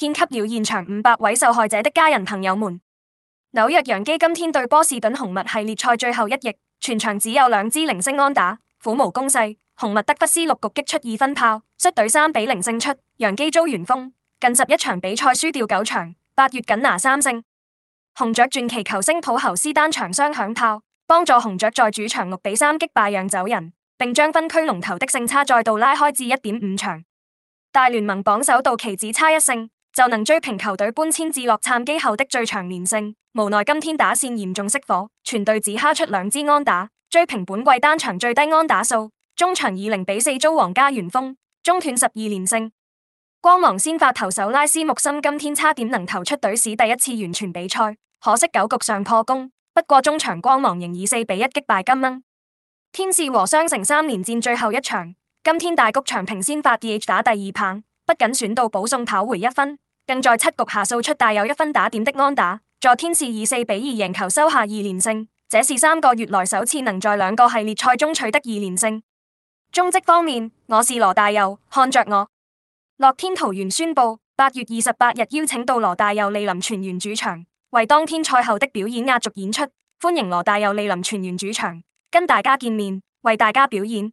獻給了現場五百位受害者的家人朋友們。紐約洋基今天對波士頓紅襪系列賽最後一役，全場只有兩支零星安打，苦無攻勢，紅襪德弗斯六局擊出二分炮，率隊三比零勝出。洋基遭完封，近十一場比賽輸掉九場，八月僅拿三勝。紅雀傳奇球星普侯斯單場雙響炮，幫助紅雀在主場六比三擊敗釀酒人，並將分區龍頭的勝差再度拉開至一點五場。大聯盟榜首道奇只差一勝。就能追平球隊搬遷至洛杉磯後的最長連勝，無奈今天打線嚴重熄火，全隊只敲出兩支安打，追平本季單場最低安打數。中場以零比四遭皇家完封，中斷十二連勝。光芒先發投手拉斯穆森今天差點能投出隊史第一次完全比賽，可惜九局上破功。不過中場光芒仍以四比一擊敗金恩。天使和雙城三連戰最後一場，今天大谷翔平先發 DH 打第二棒。不僅選到保送跑回一分，更在七局下掃出帶有一分打點的安打，昨天是以四比二贏球收下二連勝，這是三個月來首次能在兩個系列賽中取得二連勝。中職方面，我是羅大佑，看着我。樂天桃猿宣布八月二十八日邀請到羅大佑蒞臨全猿主場，為當天賽後的表演壓軸演出，歡迎羅大佑蒞臨全猿主場跟大家見面，為大家表演。